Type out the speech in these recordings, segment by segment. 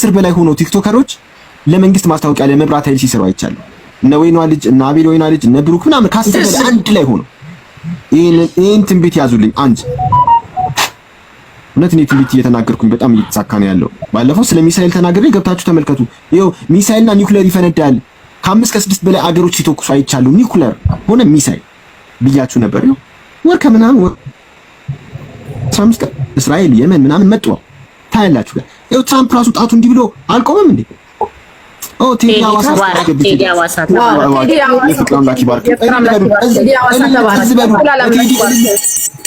ከአስር በላይ ሆኖ ቲክቶከሮች ለመንግስት ማስታወቂያ ለመብራት ኃይል ሲሰሩ አይቻለሁ። እነ ወይኗ ልጅ እነ አቤል ወይኗ ልጅ እነ ብሩክ ምናምን ከአስር በላይ አንድ ላይ ሆኖ ይህን ትንቢት ያዙልኝ። አንድ እውነት እኔ ትንቢት እየተናገርኩኝ በጣም እየተሳካ ነው ያለው። ባለፈው ስለ ሚሳኤል ተናግሬ ገብታችሁ ተመልከቱ። ይኸው ሚሳኤልና ኒውክሌር ይፈነዳል። ከአምስት ከስድስት በላይ አገሮች ሲተኩሱ አይቻሉ። ኒውክሌር ሆነ ሚሳኤል ብያችሁ ነበር። ይኸው ወር ከምናምን ወር አስራ አምስት ቀን እስራኤል የመን ምናምን መጡ ታያላችሁ ጋር ይኸው ትራምፕ ራሱ ጣቱ እንዲህ ብሎ አልቆመም እንዴ? ኦ ቴዲ ሐዋሳ ቴዲ ሐዋሳ ተባረከ። ቴዲ ሐዋሳ ተባረከ።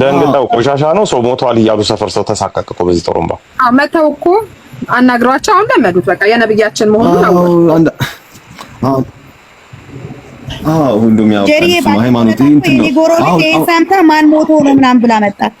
ደንግጠው ቆሻሻ ነው ሰው ሞቷል እያሉ ሰፈር ሰው ተሳቀቀ እኮ በዚህ ጥሩምባ መተው እኮ አናግሯቸው። አሁን ለመዱት በቃ የነብያችን መሆኑን ሁሉም ያው ሃይማኖት ሰምተህ ማን ሞቶ ነው ምናምን ብላ መጣች።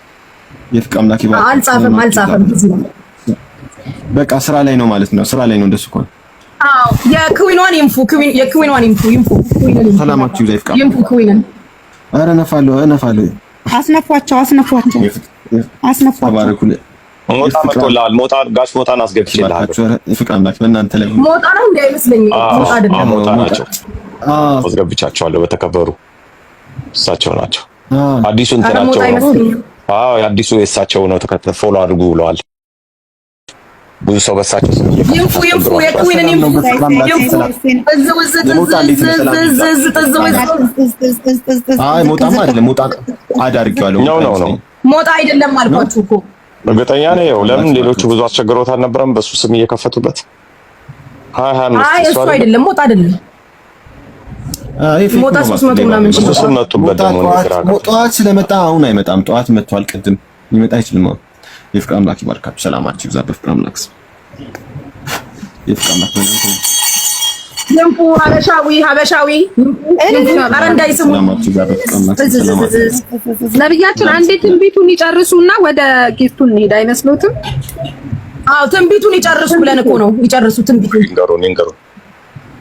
የፍቅ አምላክ ይባል። አልጻፈም አልጻፈም። በቃ ስራ ላይ ነው ማለት ነው። ስራ ላይ ነው እንደሱ ከሆነ አዎ። የክዊኗን ኢንፎ የክዊኗን ኢንፎ ኢንፎ ሰላማችሁ ይብዛ። ይፍቃ ኢንፎ ነፋለሁ አስነፏቸው አስነፏቸው አስነፏቸው። ሞጣ መጥቶልሃል። ሞጣ ጋሽ ሞጣን አምላክ በእናንተ ላይ ሞጣ ነው አይመስለኝም። ሞጣ አይደለም ሞጣ ናቸው። አስገብቻቸዋለሁ። በተከበሩ እሳቸው ናቸው። አዲሱ እንትናቸው አዎ አዲሱ የእሳቸው ነው። ተከተ ፎሎ አድርጉ ብለዋል። ብዙ ሰው በእሳቸው ስም ነው። ሞጣ አይደለም አልኳችሁ እኮ እርግጠኛ ነኝ። ያው ለምን ሌሎቹ ብዙ አስቸግሮት አልነበረም በሱ ስም እየከፈቱበት። አይ እሱ አይደለም ሞጣ አይደለም ጠዋት ስለመጣ አሁን አይመጣም። ጠዋት መጥቷል፣ ቅድም ሊመጣ አይችልም። አሁን የፍቅር አምላክ ይባርካችሁ፣ ሰላማችሁ ይብዛ። በፍቅር አምላክ የፍቅር አምላክ አንዴ ትንቢቱን ይጨርሱና ወደ ጌስቱን እንሄድ አይመስሎትም? አዎ ትንቢቱን ይጨርሱ ብለን እኮ ነው። ይጨርሱ ትንቢቱን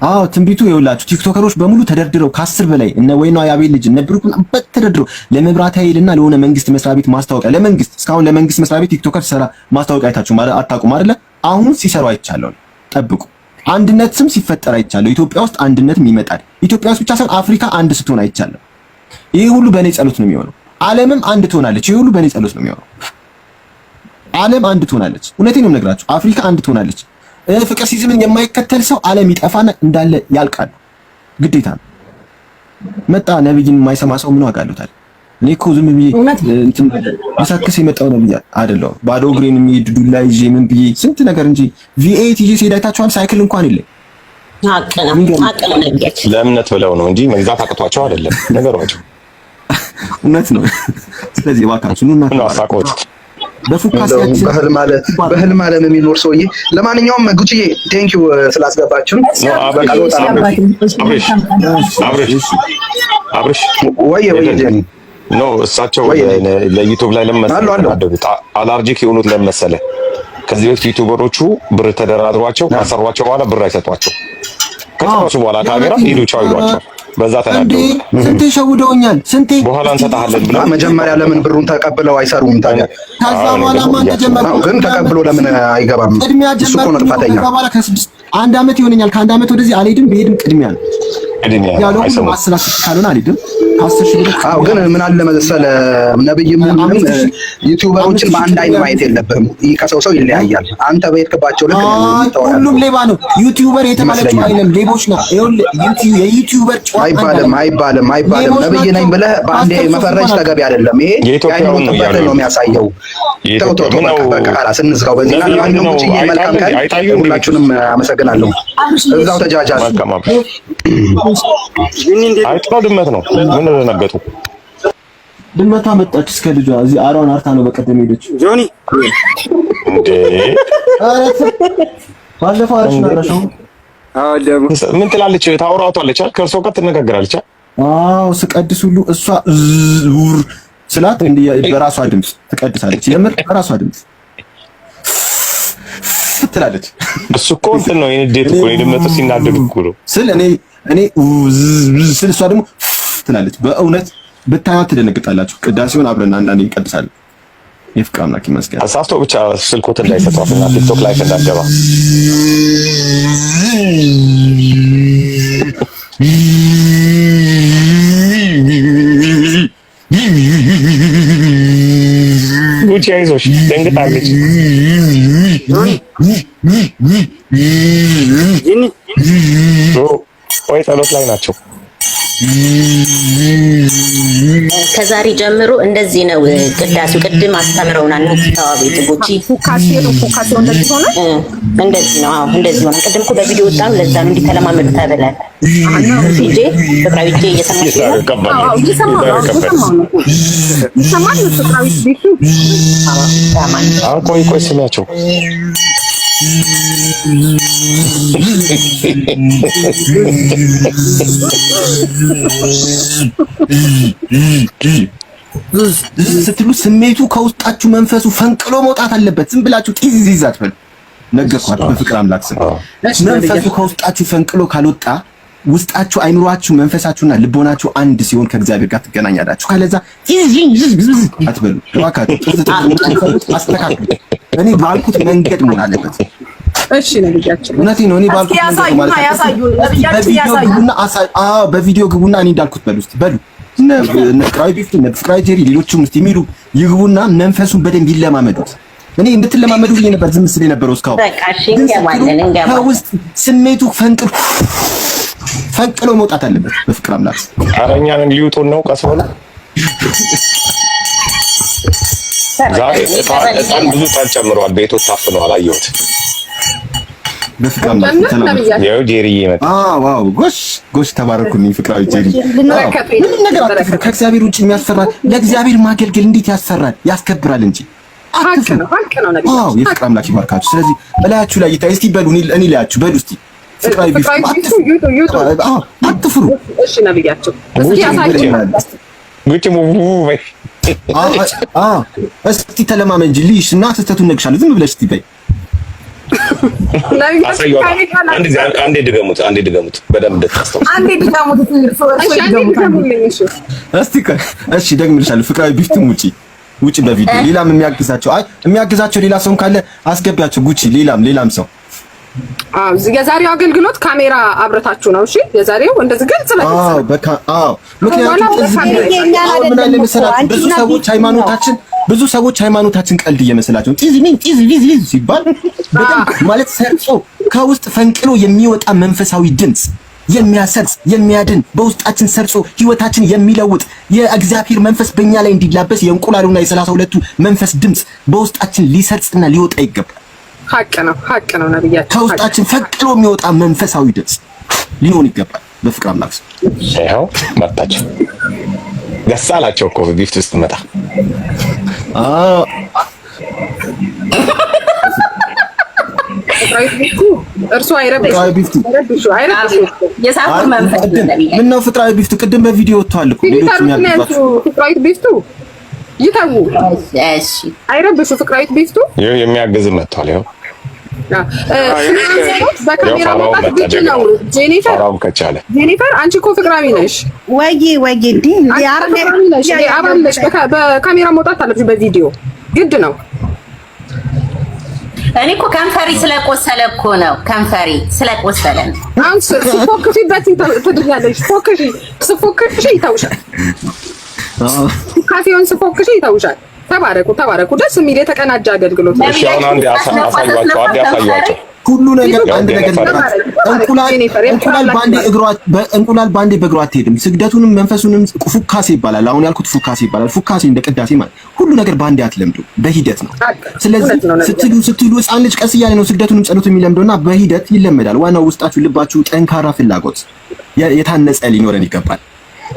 አዎ ትንቢቱ ይኸውላችሁ ቲክቶከሮች በሙሉ ተደርድረው ከአስር በላይ እነ ነው ያቤል ልጅ እነ ብሩክ ምናምን ተደርድረው ለመብራት ኃይልና ለሆነ መንግስት መስሪያ ቤት ማስታወቂያ ለመንግስት እስካሁን ለመንግስት መስሪያ ቤት ቲክቶከር ሲሰራ ማስታወቂያ አይታችሁ ማለት አታውቁም አይደለ? አሁን ሲሰሩ አይቻለሁ። ጠብቁ። አንድነት ስም ሲፈጠር አይቻለሁ። ኢትዮጵያ ውስጥ አንድነትም ይመጣል። ኢትዮጵያ ውስጥ ብቻ ሳይሆን አፍሪካ አንድ ስትሆን አይቻለሁ። ይሄ ሁሉ በእኔ ጸሎት ነው የሚሆነው። ዓለምም አንድ ትሆናለች። ይሄ ሁሉ በእኔ ጸሎት ነው የሚሆነው። ዓለም አንድ ትሆናለች። እውነቴን ነው የምነግራችሁ። አፍሪካ አንድ ትሆናለች። ፍቅር ሲዝምን የማይከተል ሰው ዓለም ይጠፋና እንዳለ ያልቃል። ግዴታ ነው። መጣ ነብይን የማይሰማ ሰው ምን ዋጋ አለው እኔ እኮ ዝም ብዬ እንትን ልሳክስ የመጣው ነብይ አይደለሁም። ባዶ እግሬን የሚሄድ ዱላ ይዤ ምን ብዬ ስንት ነገር እንጂ ቪኤት ይዤ ስሄድ አይታችኋል። ሳይክል እንኳን የለም። ለእምነት ብለው ነው እንጂ መግዛት አቅቷቸው አይደለም። ነገሯቸው እውነት ነው። ስለዚህ እባካችሁ ኑና በፉካሲያችን በህልም ዓለም የሚኖር ሰውዬ። ለማንኛውም ጉቺዬ ቴንክ ዩ uh, ስላስገባችሁን። ወይ ወይ ኖ እሳቸው ለዩቱብ ላይ ለመሰለ አላርጂክ የሆኑት ለመሰለ ከዚህ በፊት ዩቱበሮቹ ብር ተደራድሯቸው ካሰሯቸው በኋላ ብር አይሰጧቸው ከጨረሱ በኋላ ካሜራ ሂዱ ቻው ይሏቸዋል። በዛ ተናደው ስንቴ ሸውደውኛል፣ ስንቴ በኋላ እንሰጣለን ብለ መጀመሪያ ለምን ብሩን ተቀብለው አይሰሩም ታዲያ? ከዛ በኋላ ማን ተጀመረ ግን ተቀብሎ ለምን አይገባም? ቅድሚያ ጀመረ። ከስድስት አንድ አመት ይሆነኛል። ከአንድ አመት ወደዚህ አልሄድም። ብሄድም ቅድሚያ ነው ግን ምን አለ መሰለህ ነብይም ዩቲዩበሮችን በአንድ አይነት ማየት የለብህም። ከሰው ሰው ይለያያል። አንተ በሄድክባቸው ልክ ሁሉም ሌባ ነው። ዩቲዩበር የተባለች አይደለም ሌቦች ነው። የዩቲዩበር ጨዋታ አይባልም፣ አይባልም፣ አይባልም። ነብይ ነኝ ብለህ በአንድ መፈረጅ ተገቢ አይደለም። ይሄ የአይኑን ጥበት ነው የሚያሳየው። ተው ተው ተው፣ በቃ ቃላት እንዝጋው። በዚህ ላይ ያለው ልጅ መልካም ካል ሁላችሁንም አመሰግናለሁ። እዛው ተጃጃል አይጥ ነው ድመት ነው? ምን ደነገጡ? ድመቷ መጣች እስከ ልጇ እዚህ አራውን አርታ ነው በቀደም ሄደች። ጆኒ ባለፈው ምን ትላለች? ታውራቷለች፣ ጋር ትነጋገራለች። አዎ ስቀድስ ሁሉ እሷ ዙር ስላት በራሷ ድምፅ ትቀድሳለች። የምር በራሷ ድምፅ ትላለች። እሱ እኮ እንትን ነው የኔ ዴት እኮ ሲናደድ ነው ስል እኔ እኔ ስል እሷ ደግሞ ትላለች። በእውነት ብታያት ትደነግጣላችሁ። ቅዳሴውን አብረን አንዳንዴ እንቀድሳለን። የፍቃ አምላክ ይመስገን። አሳፍቶ ብቻ ስልኮት እንዳይፈቷትና ቲክቶክ ላይ እንዳትገባ ጉቺ አይዞሽ፣ ደንግጣለች። ላይ ጸሎት ላይ ናቸው። ከዛሬ ጀምሮ እንደዚህ ነው ቅዳሴው። ቅድም አስተምረውናል። ሙክታዋ ቤት ጉቺ እንደዚህ ሆነ፣ እንደዚህ ነው። አዎ እንደዚህ ሆነ። ቅድም እኮ በቪዲዮ ወጣው። ለዛ ነው እንዲተለማመዱ ተብለን ነው። ቆይ ቆይ ስሚያቸው ስትሉ ስሜቱ ከውስጣችሁ መንፈሱ ፈንቅሎ መውጣት አለበት። ዝም ብላችሁ ጢዝ በፍቅር አምላክ ስም መንፈሱ ከውስጣችሁ ፈንቅሎ ካልወጣ ውስጣችሁ አይምሯችሁ፣ መንፈሳችሁና ልቦናችሁ አንድ ሲሆን ከእግዚአብሔር ጋር ትገናኛላችሁ። ካለዛ አትበሉ። እባካችሁ አስተካክሉ። እኔ ባልኩት መንገድ መሆን አለበት። እሺ ነብያችን፣ እውነቴን ነው። እኔ ባልኩት መንገድ ማለት ነው። ያሳዩ ግቡና አሳይ። አዎ፣ በቪዲዮ ግቡና እኔ እንዳልኩት በሉ እስኪ በሉ እነ ፍቅራዊ ቢፍቱ እነ ፍቅራዊ ጀሪ ሌሎችም ውስጥ የሚሉ ይግቡና መንፈሱን በደንብ ይለማመዱት። እኔ እንድትለማመዱ ብዬ ነበር ዝም ስል የነበረው እስካሁን። ከውስጥ ስሜቱ ፈንቅሎ ፈንቅሎ መውጣት አለበት። በፍቅር አምላክ ኧረ እኛን ሊውጡን ነው ቀስ ብለው ዛሬ እጣን ብዙ እጣን ጨምረዋል። ቤቶች ታፍነዋል። አየሁት። በፍቅራዊ ጄሪ ይመጣ። ጎሽ ጎሽ፣ ተባረኩልኝ ፍቅራዊ ጄሪ። ምንም ነገር አትፍሩ። ከእግዚአብሔር ውጭ የሚያሰራ ለእግዚአብሔር ማገልገል እንዴት ያሰራል? ያስከብራል እንጂ አትፍሩ። የፍቅር አምላክ ይባርካችሁ። ስለዚህ በላያችሁ ላይ ይታይ። እስቲ በሉ እኔ ላያችሁ በሉ እስቲ ፍቅራዊ አትፍሩ። እሺ ነብያቸው ጉጭ ሙቡ እስቲ ተለማመ እንጂ ልይሽ እና ስህተቱን እነግርሻለሁ። ዝም ብለሽ ትበይ። አንዴ ድገሙት፣ አንዴ ድገሙት በደንብ እንድታስተውል። እሺ፣ ደግምልሻለሁ። ፍቅራዊ ቢፍትም ውጪ ውጪ በቪዲዮ ሌላም የሚያግዛቸው አይ የሚያግዛቸው ሌላ ሰውም ካለ አስገቢያቸው። ጉቺ ሌላም ሌላም ሰው የዛሬው አገልግሎት ካሜራ አብረታችሁ ነው። እሺ፣ የዛሬው እንደዚህ ግልጽ ነው። ምክንያቱም ብዙ ሰዎች ሃይማኖታችን ብዙ ሰዎች ሃይማኖታችን ቀልድ እየመሰላቸው ጢዝ ጢዝ ሲባል ማለት ሰርጾ ከውስጥ ፈንቅሎ የሚወጣ መንፈሳዊ ድምፅ የሚያሰርጽ የሚያድን በውስጣችን ሰርጾ ህይወታችን የሚለውጥ የእግዚአብሔር መንፈስ በእኛ ላይ እንዲላበስ የእንቁላሉና የሰላሳ ሁለቱ መንፈስ ድምፅ በውስጣችን ሊሰርጽና ሊወጣ ይገባል። ሀቅ ነው፣ ሀቅ ነው ነብያችን። ከውስጣችን ፈጥሎ የሚወጣ መንፈሳዊ ድምፅ ሊሆን ይገባል። በፍቅር አምላክ ይኸው ደስ አላቸው እኮ ውስጥ መጣ ምነው ፍጥራዊ ቢፍቱ ቅድም በቪዲዮ ወጥቷል እኮ ፍጥራዊት ቢፍቱ አይረብሹ። ቢፍቱ የሚያግዝ መጥቷል። በካሜራ መውጣት ግድ ነው። ጄኒፈር ጄኒፈር፣ አንቺ እኮ ፍቅራዊ ነሽ ወይ በካሜራ መውጣት አለብሽ። በቪዲዮ ግድ ነው። እኔ እኮ ከንፈሪ ስለቆሰለ እኮ ነው። ከንፈሪ ስለቆሰለ ይተውሻል። ካፌውን ይተውሻል። ተባረኩ፣ ተባረኩ። ደስ የሚል የተቀናጀ አገልግሎት ነው። ሁሉ ነገር አንድ ነገር እንቁላል ባንዴ በእግሯ አትሄድም። ስግደቱንም መንፈሱንም ፉካሴ ይባላል። አሁን ያልኩት ፉካሴ ይባላል። ፉካሴ እንደ ቅዳሴ ማለት ሁሉ ነገር ባንዴ አትለምዱ፣ በሂደት ነው። ስለዚህ ስትሉ ስትሉ ሕፃን ልጅ ቀስ እያለ ነው ስግደቱንም ጸሎት የሚለምደውና በሂደት ይለመዳል። ዋናው ውስጣችሁ ልባችሁ ጠንካራ ፍላጎት የታነጸ ሊኖረን ይገባል።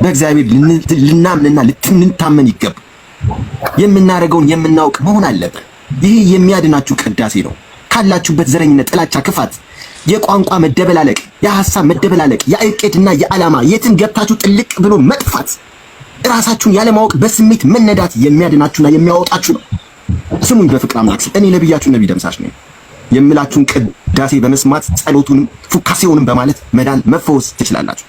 በእግዚአብሔር ልናምንና ልንታመን ይገባል። የምናደርገውን የምናውቅ መሆን አለብን። ይህ የሚያድናችሁ ቅዳሴ ነው። ካላችሁበት ዘረኝነት፣ ጥላቻ፣ ክፋት፣ የቋንቋ መደበላለቅ፣ የሐሳብ መደበላለቅ፣ የእቅድና የዓላማ የትን ገብታችሁ ጥልቅ ብሎ መጥፋት፣ ራሳችሁን ያለማወቅ በስሜት መነዳት የሚያድናችሁና የሚያወጣችሁ ነው። ስሙኝ በፍቅር አምላክ እኔ ነብያችሁ ነብይ ደምሳሽ ነኝ። የምላችሁን ቅዳሴ በመስማት ጸሎቱንም ፉካሴውንም በማለት መዳን መፈወስ ትችላላችሁ።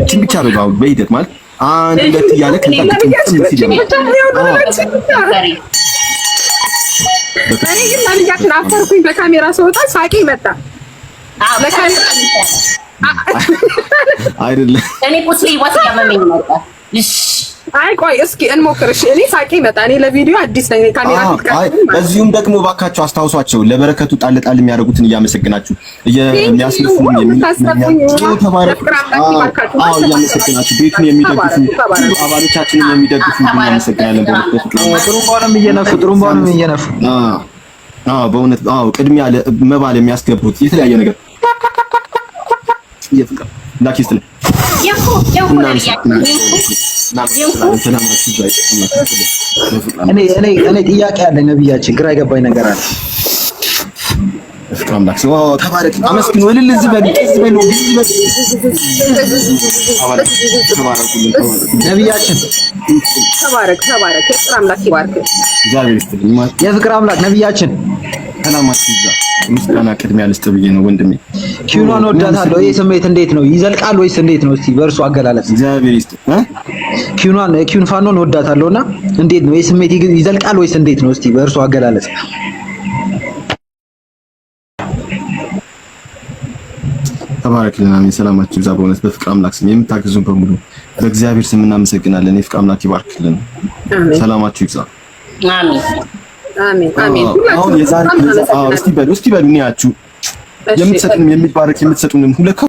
እችን ብቻ አድርገው በሂደት ማለት አንድ ሁለት እያለ ከዛ ግጥም ሲጀምር በካሜራ ሰውጣ ሳቂ መጣ አይደለም እኔ ቁስሌ ዋስ ያመመኝ ነበር። አይ ቆይ እስኪ እንሞክርሽ። እኔ ሳቄ መጣ። እኔ ለቪዲዮ አዲስ ነኝ። ካሜራ እዚሁም ደግሞ አስታውሷቸው። ለበረከቱ ጣል ጣል የሚያደርጉትን እያመሰግናችሁ የሚያስነፉ እያመሰግናችሁ ቤቱን የሚደግፉ አባሎቻችንን የሚደግፉ ጥሩምባውንም እየነፉ ጥሩምባውንም እየነፉ በእውነት ቅድሚያ መባል የሚያስገቡት የተለያየ ነገር የፍቅር ላኪስት እኔ ጥያቄ ያለ ነብያችን ግራ የገባኝ ነገር አለ። አምላክ ተባረክ፣ አመስግኑ፣ እልል ነብያችን ተባረክ፣ ተባረክ። የፍቅር አምላክ ነብያችን ሰላማችሁ ይብዛ። ምስጋና ቅድሚያ ልስጥ ብዬ ነው ወንድሜ። ኪሩን ወዳታለሁ ይህ ስሜት እንዴት ነው? ይዘልቃል ወይስ እንዴት ነው? እስቲ በእርሱ አገላለጽ እግዚአብሔር ይስጥ። ኪሩን ኪሩን ፋኖን እወዳታለሁና እንዴት ነው? ይህ ስሜት ይዘልቃል ወይስ እንዴት ነው? እስቲ በእርሱ አገላለጽ ተባረክልን። አሜን። ሰላማችሁ ይብዛ። በእውነት በፍቅር አምላክ ስም የምታግዙን በሙሉ በእግዚአብሔር ስም እናመሰግናለን። የፍቅር አምላክ ይባርክልን። ሰላማችሁ ይብዛ። አሜን። አሁን የዛሬ እስቲ በሉ እስቲ በሉ እኔ ያችሁ የምትሰጡንም የሚባረክ የምትሰጡንም ሁለካ